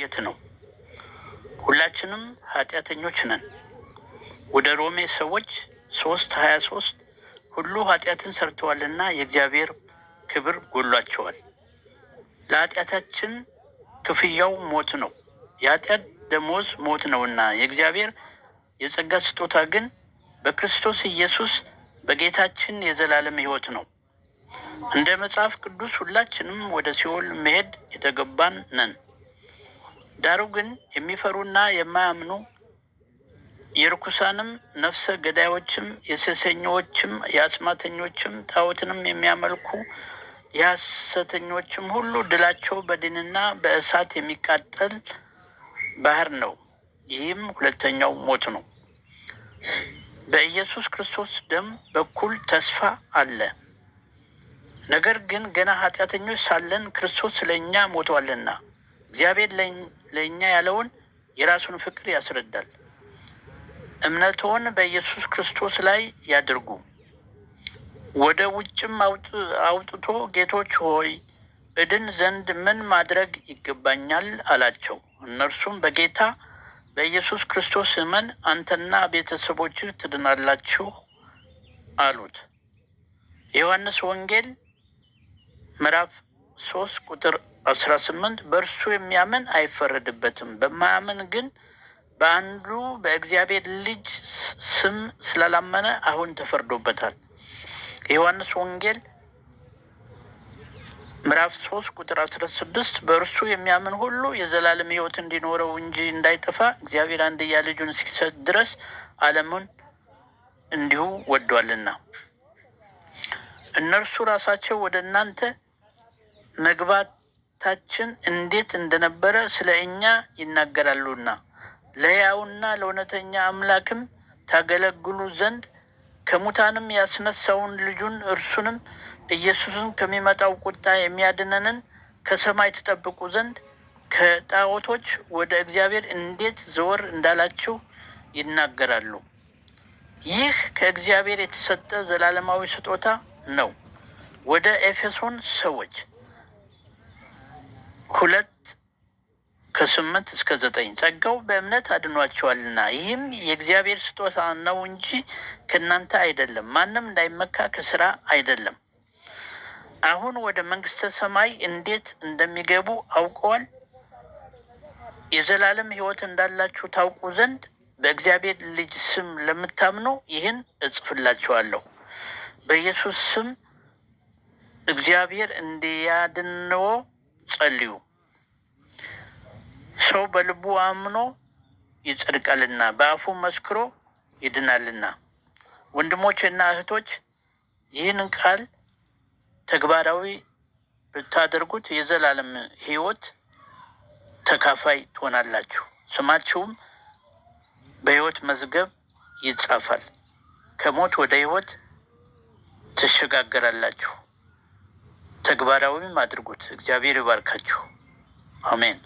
የት ነው? ሁላችንም ኃጢአተኞች ነን። ወደ ሮሜ ሰዎች ሶስት ሀያ ሶስት ሁሉ ኃጢአትን ሰርተዋልና የእግዚአብሔር ክብር ጎሏቸዋል። ለኃጢአታችን ክፍያው ሞት ነው፣ የኃጢአት ደሞዝ ሞት ነውና የእግዚአብሔር የጸጋ ስጦታ ግን በክርስቶስ ኢየሱስ በጌታችን የዘላለም ሕይወት ነው። እንደ መጽሐፍ ቅዱስ ሁላችንም ወደ ሲኦል መሄድ የተገባን ነን። ዳሩ ግን የሚፈሩና የማያምኑ የርኩሳንም ነፍሰ ገዳዮችም የሴሰኞችም የአስማተኞችም ጣዖትንም የሚያመልኩ የሐሰተኞችም ሁሉ ድላቸው በድንና በእሳት የሚቃጠል ባህር ነው። ይህም ሁለተኛው ሞት ነው። በኢየሱስ ክርስቶስ ደም በኩል ተስፋ አለ። ነገር ግን ገና ኃጢአተኞች ሳለን ክርስቶስ ስለ እኛ ሞቷልና እግዚአብሔር ለእኛ ያለውን የራሱን ፍቅር ያስረዳል። እምነትውን በኢየሱስ ክርስቶስ ላይ ያድርጉ። ወደ ውጭም አውጥቶ ጌቶች ሆይ እድን ዘንድ ምን ማድረግ ይገባኛል? አላቸው። እነርሱም በጌታ በኢየሱስ ክርስቶስ እመን አንተና ቤተሰቦች ትድናላችሁ አሉት። የዮሐንስ ወንጌል ምዕራፍ ሶስት ቁጥር አስራ ስምንት በእርሱ የሚያምን አይፈረድበትም፣ በማያምን ግን በአንዱ በእግዚአብሔር ልጅ ስም ስላላመነ አሁን ተፈርዶበታል። የዮሐንስ ወንጌል ምዕራፍ ሶስት ቁጥር አስራ ስድስት በእርሱ የሚያምን ሁሉ የዘላለም ሕይወት እንዲኖረው እንጂ እንዳይጠፋ እግዚአብሔር አንድያ ልጁን እስኪሰጥ ድረስ ዓለሙን እንዲሁ ወዷልና እነርሱ ራሳቸው ወደ እናንተ መግባታችን እንዴት እንደነበረ ስለ እኛ ይናገራሉና ለሕያውና ለእውነተኛ አምላክም ታገለግሉ ዘንድ ከሙታንም ያስነሳውን ልጁን እርሱንም ኢየሱስን ከሚመጣው ቁጣ የሚያድነንን ከሰማይ ትጠብቁ ዘንድ ከጣዖቶች ወደ እግዚአብሔር እንዴት ዘወር እንዳላችሁ ይናገራሉ። ይህ ከእግዚአብሔር የተሰጠ ዘላለማዊ ስጦታ ነው። ወደ ኤፌሶን ሰዎች ሁለት ከስምንት እስከ ዘጠኝ ጸጋው በእምነት አድኗቸዋልና ይህም የእግዚአብሔር ስጦታ ነው እንጂ ከእናንተ አይደለም፣ ማንም እንዳይመካ ከስራ አይደለም። አሁን ወደ መንግስተ ሰማይ እንዴት እንደሚገቡ አውቀዋል። የዘላለም ሕይወት እንዳላችሁ ታውቁ ዘንድ በእግዚአብሔር ልጅ ስም ለምታምኑ ይህን እጽፍላችኋለሁ። በኢየሱስ ስም እግዚአብሔር እንዲያድንዎ ጸልዩ። ሰው በልቡ አምኖ ይጸድቃልና በአፉ መስክሮ ይድናልና። ወንድሞች እና እህቶች ይህን ቃል ተግባራዊ ብታደርጉት የዘላለም ሕይወት ተካፋይ ትሆናላችሁ። ስማችሁም በሕይወት መዝገብ ይጻፋል። ከሞት ወደ ሕይወት ትሸጋገራላችሁ። ተግባራዊም አድርጉት። እግዚአብሔር ይባርካችሁ። አሜን።